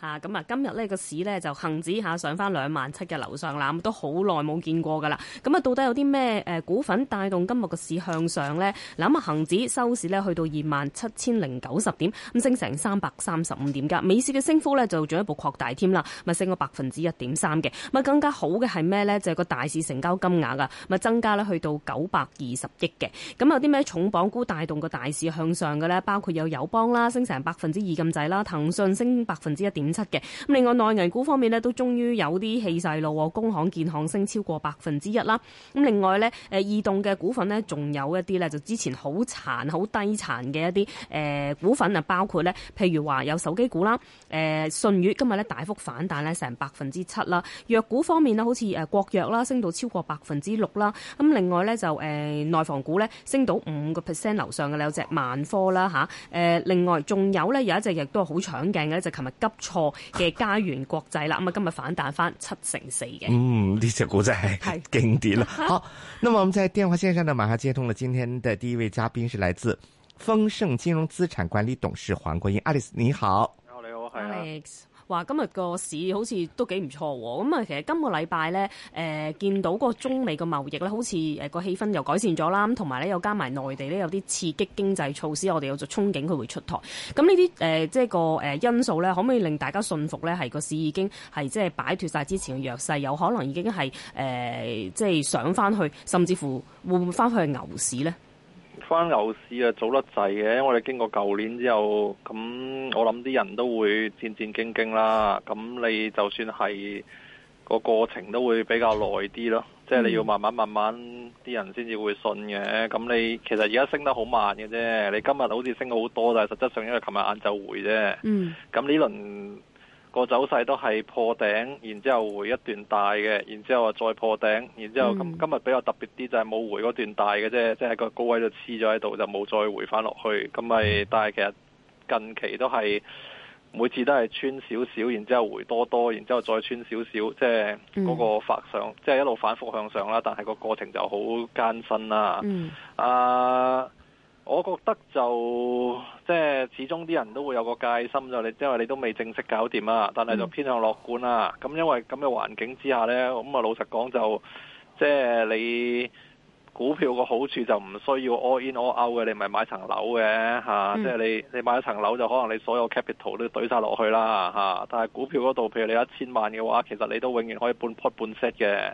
吓咁啊！今日呢個市呢，就恒指嚇上翻兩萬七嘅樓上啦，都好耐冇見過㗎啦。咁啊，到底有啲咩誒股份帶動今日個市向上呢？嗱咁啊，恆指收市呢，去到二萬七千零九十點，咁升成三百三十五點㗎。美市嘅升幅呢，就進一步擴大添啦，咪升個百分之一點三嘅。咁更加好嘅係咩呢？就係、是、個大市成交金額㗎，咪增加呢去到九百二十億嘅。咁有啲咩重磅股帶動個大市向上嘅呢？包括有友邦啦，升成百分之二咁滯啦，騰訊升百分之一點七嘅，咁，另外內銀股方面咧，都終於有啲氣勢路，工行、建行升超過百分之一啦。咁另外咧，誒移動嘅股份咧，仲有一啲咧，就之前好殘、好低殘嘅一啲誒、呃、股份啊，包括咧，譬如話有手機股啦，誒舜宇今日咧大幅反彈咧，成百分之七啦。藥股方面咧，好似誒國藥啦，升到超過百分之六啦。咁另外咧就誒、呃、內房股咧，升到五個 percent 樓上嘅有隻萬科啦嚇。誒、啊呃、另外仲有咧有一隻亦都係好搶鏡嘅就琴、是、日急嘅 家園國際啦，咁啊今日反彈翻七成四嘅。嗯，呢隻股真係經典啦。好，咁啊，我哋喺電話線上呢，馬上接通啦。今天的第一位嘉賓是來自豐盛金融資產管理董事黃國英，Alice，你好。你好，你好、啊、Alex。話今日個市好似都幾唔錯喎，咁啊，其實今個禮拜咧，誒、呃、見到個中美個貿易咧，好似誒個氣氛又改善咗啦。咁同埋咧，又加埋內地咧有啲刺激經濟措施，我哋有咗憧憬佢會出台。咁呢啲誒，即、呃、係、就是、個因素咧，可唔可以令大家信服咧？係個市已經係即係擺脫晒之前嘅弱勢，有可能已經係即係上翻去，甚至乎會唔會翻去牛市咧？翻牛市啊，早得滯嘅，因為我哋經過舊年之後，咁我諗啲人都會戰戰兢兢啦。咁你就算係個過程都會比較耐啲咯，即係你要慢慢慢慢啲人先至會信嘅。咁你其實而家升得好慢嘅啫，你今日好似升咗好多，但係實質上因為琴日晏晝回啫。嗯，咁呢輪，個走勢都係破頂，然之後回一段大嘅，然之後再破頂，然之後今今日比較特別啲就係、是、冇回嗰段大嘅啫，即係個高位就黐咗喺度就冇再回翻落去。咁咪但係其實近期都係每次都係穿少少，然之後回多多，然之後再穿少少，即係嗰個發上，即、就、係、是、一路反覆向上啦。但係個過程就好艱辛啦。啊、嗯！Uh, 我覺得就即係始終啲人都會有個戒心，就你因為你都未正式搞掂啊，但係就偏向樂觀啦。咁因為咁嘅環境之下呢，咁啊老實講就即係、就是、你股票個好處就唔需要 all in all out 嘅，你咪買層樓嘅吓。即係你你買一層樓就可能你所有 capital 都懟曬落去啦吓。但係股票嗰度，譬如你一千萬嘅話，其實你都永遠可以半 put 半 set 嘅，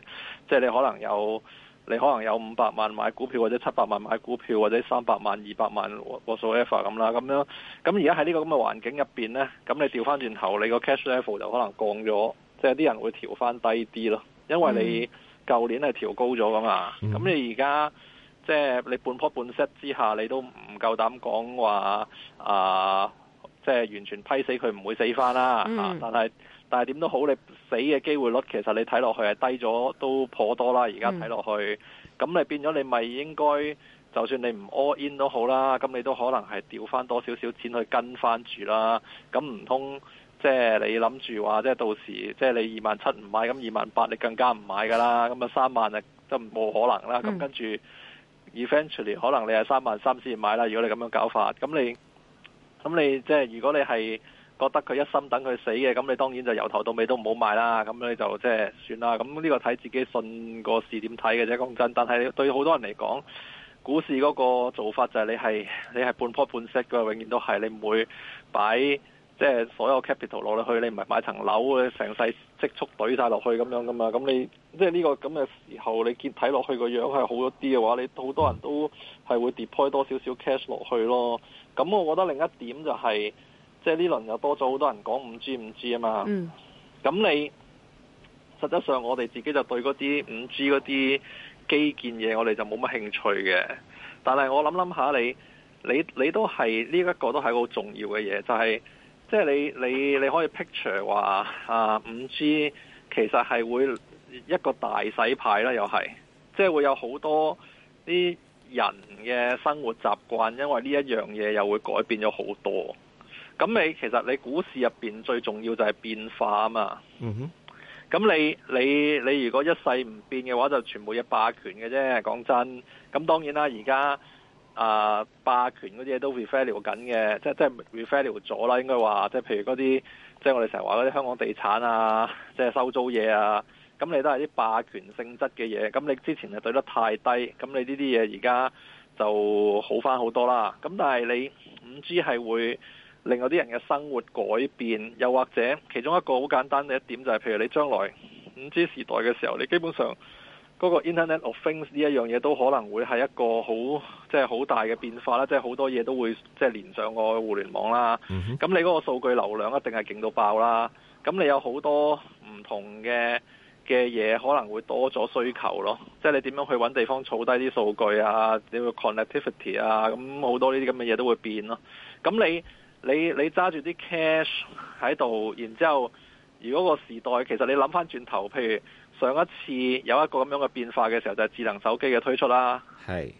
即、就、係、是、你可能有。你可能有五百萬買股票，或者七百萬買股票，或者三百萬、二百萬個數 level 咁啦，咁樣，咁而家喺呢個咁嘅環境入面呢，咁你調翻轉頭，你個 cash level 就可能降咗，即係啲人會調翻低啲咯，因為你舊年係調高咗噶嘛，咁、嗯、你而家即係你半波半 set 之下，你都唔夠膽講話啊，即、呃、係、就是、完全批死佢唔會死翻啦、嗯啊，但係。但係點都好，你死嘅機會率其實你睇落去係低咗，都頗多啦。而家睇落去，咁、嗯、你變咗你咪應該，就算你唔 all in 都好啦，咁你都可能係調翻多少少錢去跟翻住啦。咁唔通即係你諗住話，即係到時即係你二萬七唔買，咁二萬八你更加唔買㗎啦。咁啊三萬啊都冇可能啦。咁跟住、嗯、eventually 可能你係三萬三先買啦。如果你咁樣搞法，咁你咁你即係如果你係，覺得佢一心等佢死嘅，咁你當然就由頭到尾都唔好買啦。咁你就即係算啦。咁呢個睇自己信個市點睇嘅啫，講真。但係對好多人嚟講，股市嗰個做法就係你係你係半鋪半息嘅，永遠都係你唔會擺即係所有 capital 落去，你唔係買層樓你成世積蓄堆曬落去咁樣噶嘛。咁你即係呢個咁嘅、這個、時候，你見睇落去個樣係好咗啲嘅話，你好多人都係會 deploy 多少少 cash 落去咯。咁我覺得另一點就係、是。即係呢輪又多咗好多人講五 G 五 G 啊嘛、嗯，咁你實質上我哋自己就對嗰啲五 G 嗰啲基建嘢，我哋就冇乜興趣嘅。但係我諗諗下你，你你你都係呢、這個、一個都係好重要嘅嘢，就係即係你你你可以 picture 話啊五 G 其實係會一個大洗牌啦，又係即係會有好多啲人嘅生活習慣，因為呢一樣嘢又會改變咗好多。咁你其實你股市入面最重要就係變化啊嘛。嗯哼，咁你你你如果一世唔變嘅話，就全部嘢霸權嘅啫。講真，咁當然啦。而家啊，霸權嗰啲嘢都 revalue 緊嘅，即係 revalue 咗啦。應該話即係譬如嗰啲即係我哋成日話嗰啲香港地產啊，即係收租嘢啊，咁你都係啲霸權性質嘅嘢。咁你之前係對得太低，咁你呢啲嘢而家就好返好多啦。咁但係你 5G 係會。另外啲人嘅生活改變，又或者其中一個好簡單嘅一點就係，譬如你將來五 G 時代嘅時候，你基本上嗰個 Internet of Things 呢一樣嘢都可能會係一個好即係好大嘅變化啦，即係好多嘢都會即係連上個互聯網啦。咁，mm-hmm. 你嗰個數據流量一定係勁到爆啦。咁你有好多唔同嘅嘅嘢可能會多咗需求咯，即係你點樣去揾地方儲低啲數據啊？你個 connectivity 啊，咁好多呢啲咁嘅嘢都會變咯。咁你你你揸住啲 cash 喺度，然之後，如果個時代其實你諗翻轉頭，譬如上一次有一個咁樣嘅變化嘅時候，就係、是、智能手機嘅推出啦、啊。係，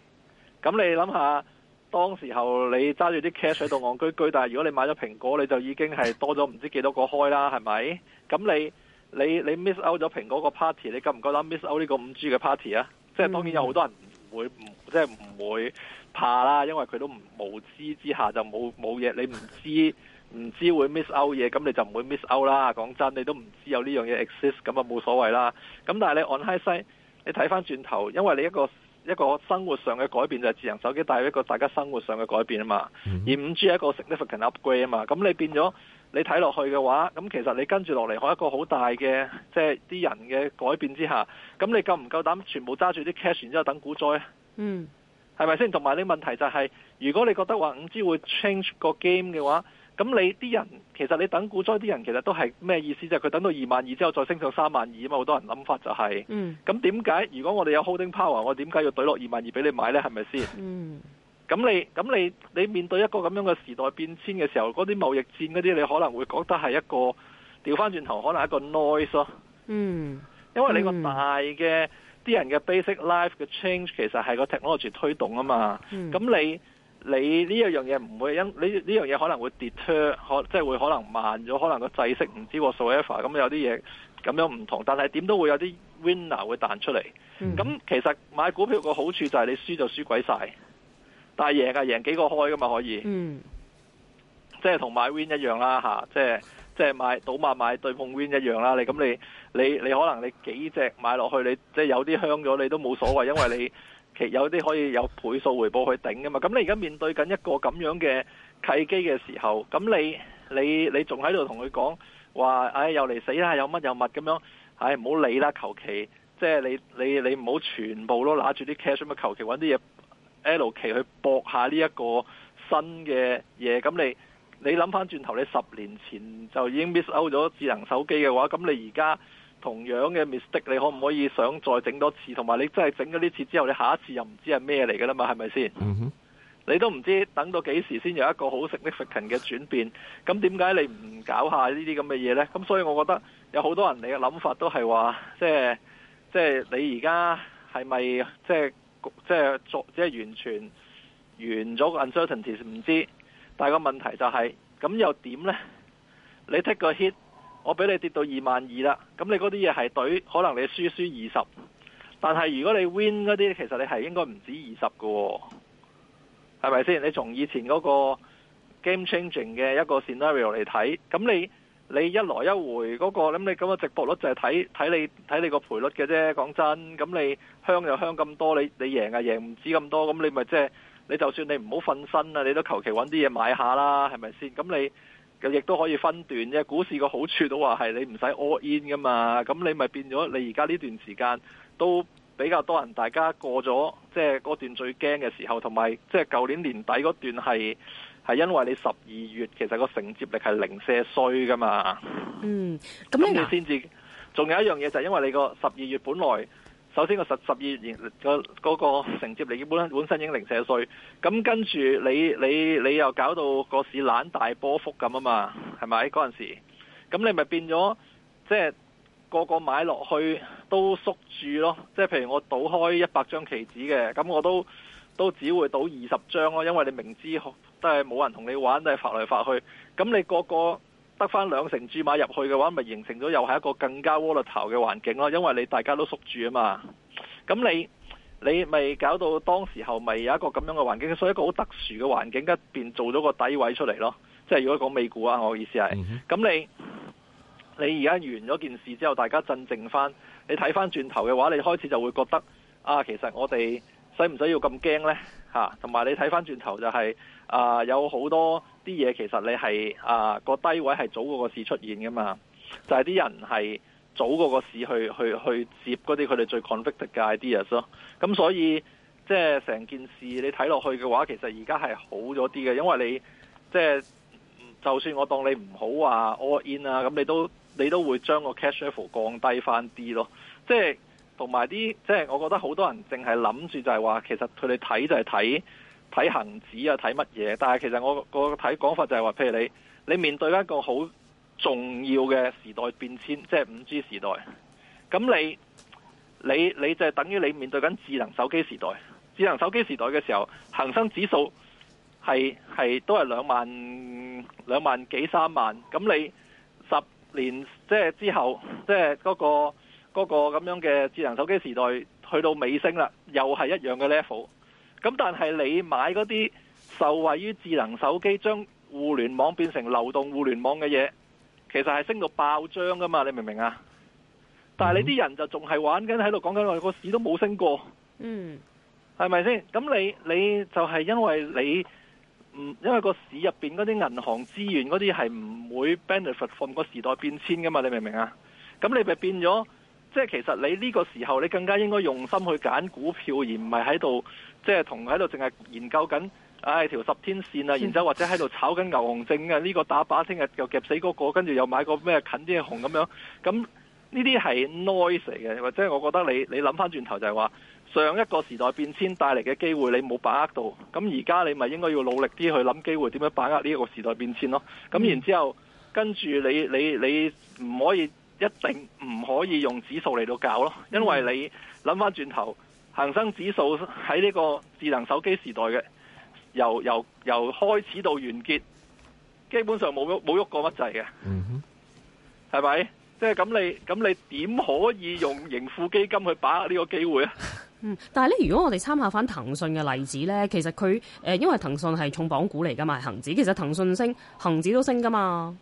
咁你諗下，當時候你揸住啲 cash 喺度戇居居，但係如果你買咗蘋果，你就已經係多咗唔知幾多個開啦，係咪？咁你你你 miss out 咗蘋果個 party，你覺唔覺得 miss out 呢個五 G 嘅 party 啊？即係當然有好多人會唔即係唔會。嗯怕啦，因為佢都無知之下就冇冇嘢，你唔知唔知會 miss out 嘢，咁你就唔會 miss out 啦。講真，你都唔知有呢樣嘢 exist，咁啊冇所謂啦。咁但係你 on high side，你睇返轉頭，因為你一個一個生活上嘅改變就係智能手機帶一個大家生活上嘅改變啊嘛。Mm -hmm. 而五 G 係一個 significant upgrade 啊嘛。咁你變咗你睇落去嘅話，咁其實你跟住落嚟係一個好大嘅即係啲人嘅改變之下，咁你夠唔夠膽全部揸住啲 cash 然之後等股災？嗯、mm -hmm.。係咪先？同埋啲問題就係、是，如果你覺得話五 G 會 change 個 game 嘅話，咁你啲人其實你等股災啲人其實都係咩意思？就係佢等到二萬二之後再升到三萬二啊嘛！好多人諗法就係、是，咁點解？如果我哋有 holding power，我點解要懟落二萬二俾你買呢？係咪先？咁、嗯、你咁你你面對一個咁樣嘅時代變遷嘅時候，嗰啲貿易戰嗰啲，你可能會覺得係一個調翻轉頭可能係一個 noise 咯、嗯。因為你個大嘅。嗯嗯啲人嘅 basic life 嘅 change 其實係個 technology 推動啊嘛、嗯那，咁你你呢樣嘢唔會因你呢樣嘢可能會 deter 可即係會可能慢咗，可能個制式唔知 whatsoever 咁有啲嘢咁樣唔同，但係點都會有啲 winner 會彈出嚟。咁、嗯、其實買股票個好處就係你輸就輸鬼晒，但係贏就贏幾個開噶嘛可以，嗯、即係同買 win 一樣啦吓、啊，即係。即係買賭馬買對碰 win 一樣啦，你咁你你你可能你幾隻買落去，你即係有啲香咗你都冇所謂，因為你其有啲可以有倍數回報去頂噶嘛。咁你而家面對緊一個咁樣嘅契機嘅時候，咁你你你仲喺度同佢講話，唉又嚟死啦，有乜有乜咁樣，唉唔好理啦，求其即係你你你唔好全部都攞住啲 cash 咪求其揾啲嘢 L 期去搏下呢一個新嘅嘢，咁你。你諗翻轉頭，你十年前就已經 miss out 咗智能手機嘅話，咁你而家同樣嘅 mistake，你可唔可以想再整多次？同埋你真係整咗呢次之後，你下一次又唔知係咩嚟噶啦嘛？係咪先？Mm -hmm. 你都唔知等到幾時先有一個好 significant 嘅轉變。咁點解你唔搞下呢啲咁嘅嘢呢？咁所以我覺得有好多人你嘅諗法都係話，即係即係你而家係咪即係即係即係完全完咗個 uncertainty 唔知？但係個問題就係、是，咁又點呢？你 take 個 hit，我俾你跌到二萬二啦。咁你嗰啲嘢係對，可能你輸輸二十。20, 但係如果你 win 嗰啲，其實你係應該唔止二十噶，係咪先？你從以前嗰個 game changing 嘅一個 scenario 嚟睇，咁你你一來一回嗰、那個，咁你咁個直播率就係睇睇你睇你個賠率嘅啫。講真，咁你香就香咁多，你你贏就，贏唔止咁多，咁你咪即係。你就算你唔好瞓身啊，你都求其揾啲嘢買下啦，係咪先？咁你亦都可以分段啫。股市個好處都話係你唔使 all in 嘛。咁你咪變咗你而家呢段時間都比較多人，大家過咗即係嗰段最驚嘅時候，同埋即係舊年年底嗰段係，係因為你十二月其實個承接力係零舍衰㗎嘛。嗯，咁你先至，仲有一樣嘢就係因為你個十二月本來。首先個十十二月個嗰個承接利息本身，本身已經零舍碎，咁跟住你你你又搞到個市懶大波幅咁啊嘛，係咪嗰陣時？咁你咪變咗即係個個買落去都縮住咯。即係譬如我倒開一百張棋子嘅，咁我都都只會倒二十張咯，因為你明知都係冇人同你玩，都係發來發去。咁你個個。得翻兩成注碼入去嘅話，咪形成咗又係一個更加蝸頭嘅環境咯。因為你大家都縮住啊嘛，咁你你咪搞到當時候咪有一個咁樣嘅環境，所以一個好特殊嘅環境一邊做咗個底位出嚟咯。即係如果講美股啊，我嘅意思係，咁、mm -hmm. 你你而家完咗件事之後，大家鎮靜翻，你睇翻轉頭嘅話，你開始就會覺得啊，其實我哋。使唔使要咁驚呢？同埋你睇翻轉頭就係、是、啊，有好多啲嘢其實你係啊、個低位係早個個市出現㗎嘛，就係、是、啲人係早個個市去去去接嗰啲佢哋最 convicted 嘅 ideas 咯。咁所以即係成件事你睇落去嘅話，其實而家係好咗啲嘅，因為你即係就算、是、我當你唔好話 all in 啊，咁你都你都會將個 cash flow 降低翻啲咯，即、就、係、是。同埋啲即係，就是、我覺得好多人淨係諗住就係話，其實佢哋睇就係睇睇恒指啊，睇乜嘢？但係其實我個睇講法就係話，譬如你你面對一個好重要嘅時代變遷即係五 G 時代。咁你你你就係等於你面對緊智能手機時代。智能手機時代嘅時候，恒生指數係係都係兩萬兩萬幾三萬。咁你十年即係、就是、之後，即係嗰個。嗰個咁樣嘅智能手機時代去到尾聲啦，又係一樣嘅 level。咁但係你買嗰啲受惠於智能手機將互聯網變成流動互聯網嘅嘢，其實係升到爆張噶嘛？你明唔明啊？但係你啲人就仲係玩緊喺度講緊我個市都冇升過。嗯，係咪先？咁你你就係因為你唔因為個市入邊嗰啲銀行資源嗰啲係唔會 benefit from 個時代變遷噶嘛？你明唔明啊？咁你咪變咗。即係其實你呢個時候，你更加應該用心去揀股票，而唔係喺度即係同喺度淨係研究緊、哎，唉條十天線啊，然之後或者喺度炒緊牛熊證啊，呢個打靶聽日又夾死嗰個，跟住又買個咩近啲嘅熊咁樣。咁呢啲係 noise 嚟嘅，或者我覺得你你諗翻轉頭就係話，上一個時代變遷帶嚟嘅機會你冇把握到，咁而家你咪應該要努力啲去諗機會，點樣把握呢一個時代變遷咯。咁然之後跟住你你你唔可以。一定唔可以用指數嚟到搞咯，因為你諗翻轉頭，恒生指數喺呢個智能手機時代嘅，由由由開始到完結，基本上冇冇喐過乜滯嘅。嗯哼，係咪？即係咁你咁你點可以用盈富基金去把握呢個機會啊？嗯，但係咧，如果我哋參考翻騰訊嘅例子咧，其實佢、呃、因為騰訊係重磅股嚟㗎嘛，恒指其實騰訊升，恒指都升㗎嘛。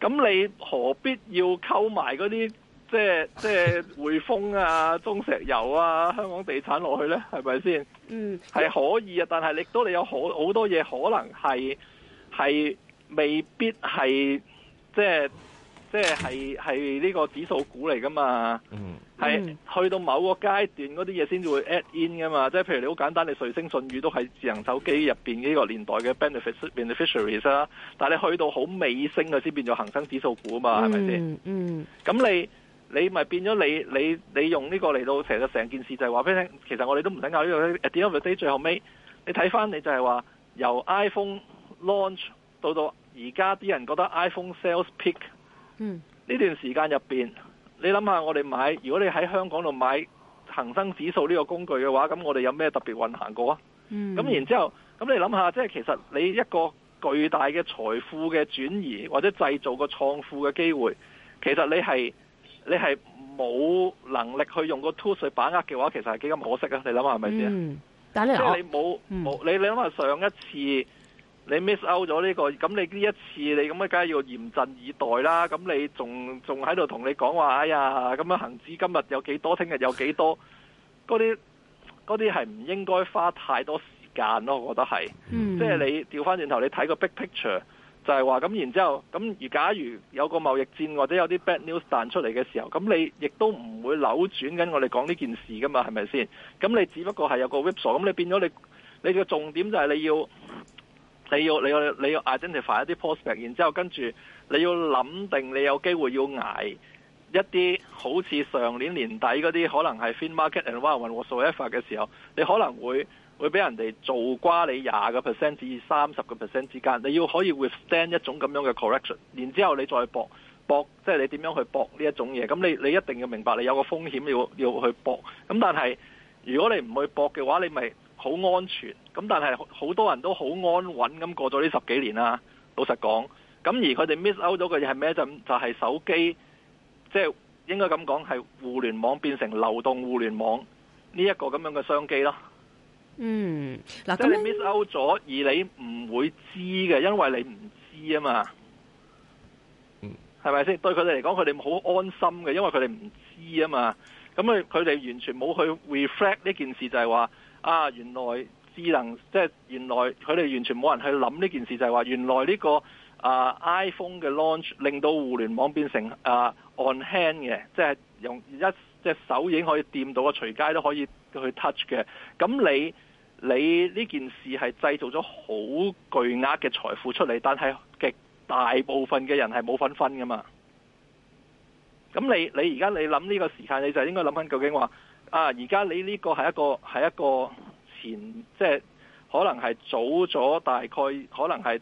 咁你何必要溝埋嗰啲即係即係匯豐啊、中石油啊、香港地產落去呢？係咪先？嗯，係可以啊，但係你都你有好好多嘢可能係係未必係即係。即係係係呢個指數股嚟噶嘛，係、嗯、去到某個階段嗰啲嘢先至會 add in 噶嘛。即係譬如你好簡單，你瑞聲舜宇都喺智能手機入邊呢個年代嘅 beneficiaries 啦。但係你去到好尾聲嘅先變咗恒生指數股啊嘛，係咪先？嗯，咁、嗯嗯、你你咪變咗你你你用呢個嚟到其實成件事就係話俾你聽。其實我哋都唔使搞呢個咧。At the end of the day，最後尾，你睇翻你就係話由 iPhone launch 到到而家啲人覺得 iPhone sales peak 嗯，呢段時間入面，你諗下我哋買，如果你喺香港度買恒生指數呢個工具嘅話，咁我哋有咩特別運行過啊？嗯，咁然之後，咁你諗下，即係其實你一個巨大嘅財富嘅轉移或者製造個創富嘅機會，其實你係你係冇能力去用個 tool 去把握嘅話，其實係幾咁可惜啊！你諗下係咪先？嗯，打、就是、你即係你冇冇，你諗下上一次。你 miss out 咗呢、呢個咁，你呢一次你咁樣梗係要嚴陣以待啦。咁你仲仲喺度同你講話，哎呀咁樣行至今日有幾多，聽日有幾多嗰啲嗰啲係唔應該花太多時間咯。我覺得係，即、嗯、係、就是、你調翻轉頭，你睇個 big picture 就係話咁。然之後咁，而假如有個貿易戰或者有啲 bad news 彈出嚟嘅時候，咁你亦都唔會扭轉緊我哋講呢件事噶嘛？係咪先咁？你只不過係有個 whip saw 咁，你變咗你你嘅重點就係你要。你要你要你要 identify 一啲 prospect，然之後跟住你要諗定你有機會要挨一啲好似上年年底嗰啲，可能係 fin market and wide 運過數一發嘅時候，你可能會會俾人哋做瓜你廿個 percent 至三十個 percent 之間，你要可以 withstand 一種咁樣嘅 correction，然之後你再搏搏，即係你點樣去搏呢一種嘢？咁你你一定要明白你有個風險要要去搏，咁但係如果你唔去搏嘅話你咪。好安全咁，但係好多人都好安穩，咁過咗呢十幾年啦。老實講，咁而佢哋 miss out 咗嘅嘢係咩？就就係手機，即係應該咁講係互聯網變成流動互聯網呢一個咁樣嘅商機咯。嗯，嗱，即係你 miss out 咗，而你唔會知嘅，因為你唔知啊嘛。嗯，係咪先？對佢哋嚟講，佢哋好安心嘅，因為佢哋唔知啊嘛。咁佢佢哋完全冇去 reflect 呢件事，就係話。啊！原來智能，即係原來佢哋完全冇人去諗呢件事，就係話原來呢個啊 iPhone 嘅 launch 令到互聯網變成啊 on hand 嘅，即係用一隻手已經可以掂到嘅，隨街都可以去 touch 嘅。咁你你呢件事係製造咗好巨額嘅財富出嚟，但係極大部分嘅人係冇份分噶嘛。咁你你而家你諗呢個時間，你就應該諗緊究竟話。啊！而家你呢個係一個係一個前，即係可能係早咗大概，可能係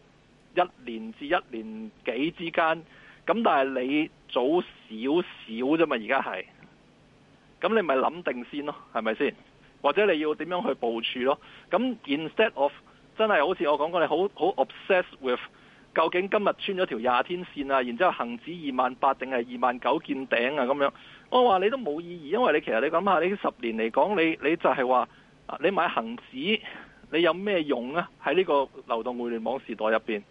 一年至一年幾之間，咁但係你早少少啫嘛，而家係。咁你咪諗定先咯，係咪先？或者你要點樣去部署咯？咁 instead of 真係好似我講過，你好好 obsessed with 究竟今日穿咗條廿天綫啊，然之後恆指二萬八定係二萬九見頂啊咁樣。我話你都冇意義，因為你其實你諗下，呢十年嚟講，你你就係話，你買恒指，你有咩用啊？喺呢個流動互聯網時代入面，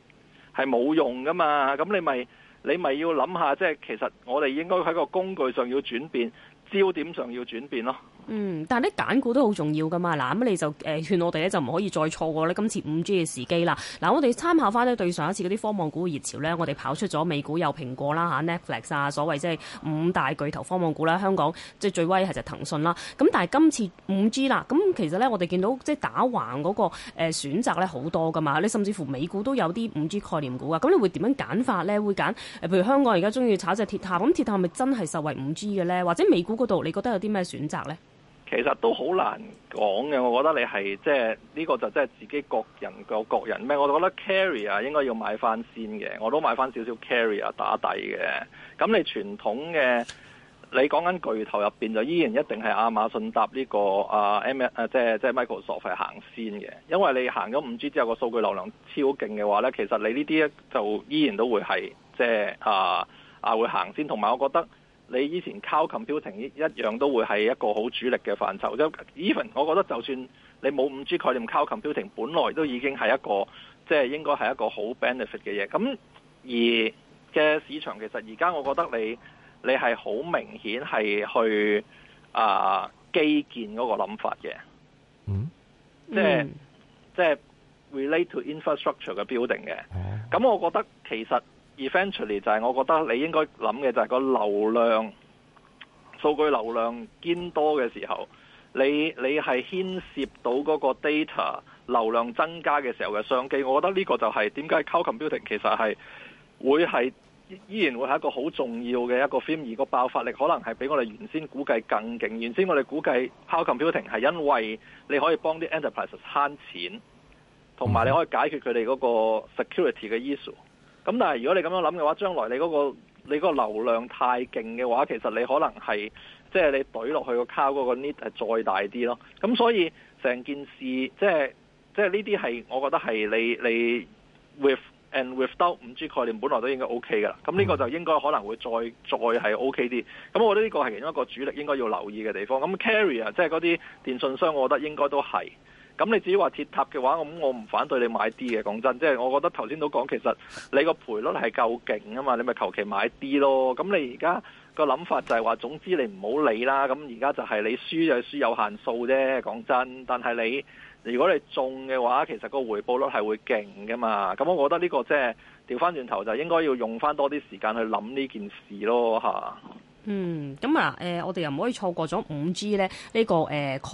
係冇用噶嘛。咁你咪你咪要諗下，即係其實我哋應該喺個工具上要轉變，焦點上要轉變咯。嗯，但係啲揀股都好重要噶嘛，嗱咁你就誒勸、呃、我哋咧就唔可以再錯過呢今次五 G 嘅時機啦。嗱、嗯，我哋參考翻咧對上一次嗰啲科網股嘅熱潮咧，我哋跑出咗美股有蘋果啦吓，Netflix 啊，所謂即係五大巨頭科網股啦。香港即係最威係就騰訊啦。咁但係今次五 G 啦，咁其實咧我哋見到即係打橫嗰個誒選擇咧好多噶嘛。你甚至乎美股都有啲五 G 概念股啊。咁你會點樣揀法咧？會揀譬如香港而家中意炒隻鐵塔，咁鐵塔係咪真係受惠五 G 嘅咧？或者美股嗰度你覺得有啲咩選擇咧？其實都好難講嘅，我覺得你係即係呢個就即係自己各人個各人咩？我覺得 carrier 應該要買翻先嘅，我都買翻少少 carrier 打底嘅。咁你傳統嘅，你講緊巨頭入邊就依然一定係亞馬遜搭呢個啊 M 即係即係 Microsoft 係行先嘅，因為你行咗五 G 之後個數據流量超勁嘅話呢，其實你呢啲就依然都會係即係啊啊會行先，同埋我覺得。你以前靠近 building 一樣都會係一個好主力嘅範疇，即 even 我覺得就算你冇五 G 概念靠近 building，本來都已經係一個即係、就是、應該係一個好 benefit 嘅嘢。咁而嘅市場其實而家我覺得你你係好明顯係去啊基建嗰個諗法嘅，嗯，即係即係 relate to infrastructure 嘅 building 嘅。咁我覺得其實。eventually 就係我覺得你應該諗嘅就係個流量數據流量堅多嘅時候，你你係牽涉到嗰個 data 流量增加嘅時候嘅商機，我覺得呢個就係點解 cloud computing 其實係會係依然會係一個好重要嘅一個 film 而個爆發力可能係比我哋原先估計更勁原先我哋估計 cloud computing 係因為你可以幫啲 enterprise 慳錢，同埋你可以解決佢哋嗰個 security 嘅 issue。咁但係如果你咁樣諗嘅話，將來你嗰個你嗰個流量太勁嘅話，其實你可能係即係你隊落去個卡嗰個 need 係再大啲咯。咁所以成件事即係即係呢啲係我覺得係你你 with and without 五 G 概念本來都應該 O K 噶啦。咁呢個就應該可能會再再係 O K 啲。咁我覺得呢個係其中一個主力應該要留意嘅地方。咁 carrier 即係嗰啲電信商，我覺得應該都係。咁你至於話鐵塔嘅話，咁我唔反對你買啲嘅。講真，即係我覺得頭先都講，其實你個賠率係夠勁啊嘛，你咪求其買啲咯。咁你而家個諗法就係話，總之你唔好理啦。咁而家就係你輸就輸有限數啫。講真，但係你如果你中嘅話，其實個回報率係會勁噶嘛。咁我覺得呢個即係調翻轉頭就應該要用翻多啲時間去諗呢件事咯，嚇。嗯，咁啊，誒、這個，我哋又唔可以錯過咗五 G 咧呢個誒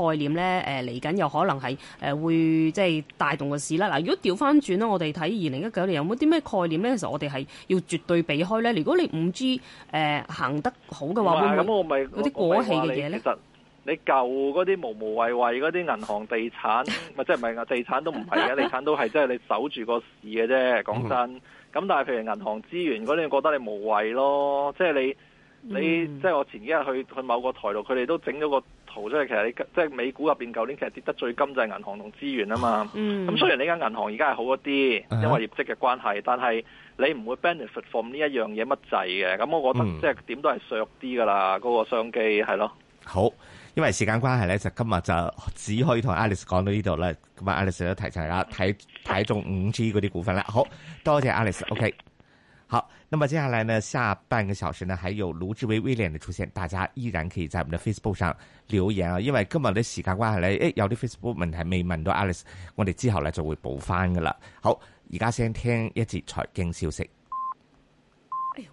概念咧，誒嚟緊有可能係誒、呃、會即係帶動個市啦。嗱，如果調翻轉我哋睇二零一九年有冇啲咩概念咧？其實我哋係要絕對避開咧。如果你五 G 誒行得好嘅話，嗰啲過氣嘅嘢咧，其實你舊嗰啲無無謂謂嗰啲銀行地產，咪即係，唔係啊？地產都唔係嘅， 地產都係即係你守住個市嘅啫。講真，咁、嗯、但係譬如銀行資源，如果你覺得你無謂咯，即、就、係、是、你。你即係我前幾日去去某個台度，佢哋都整咗個圖出嚟。其實你即係美股入面，舊年其實跌得最金就係銀行同資源啊嘛。咁、嗯、雖然呢間銀行而家係好一啲，因為業績嘅關係。嗯、但係你唔會 benefit from 呢一樣嘢乜滯嘅。咁我覺得即係點、嗯、都係削弱啲噶啦。嗰、那個商機係咯。好，因為時間關係咧，就今日就只可以同 Alice 講到呢度啦。咁啊，Alice 都日提提啦睇睇中 5G 嗰啲股份啦。好多謝 Alice。OK。好，那麼接下來呢，下半個小時呢，還有盧志威威廉的出現，大家依然可以在我們的 Facebook 上留言啊。因為今日呢時間關係呢，誒、哎，有啲 Facebook 問題未問到 Alice，我哋之後呢就會補翻噶啦。好，而家先聽一節財經消息。哎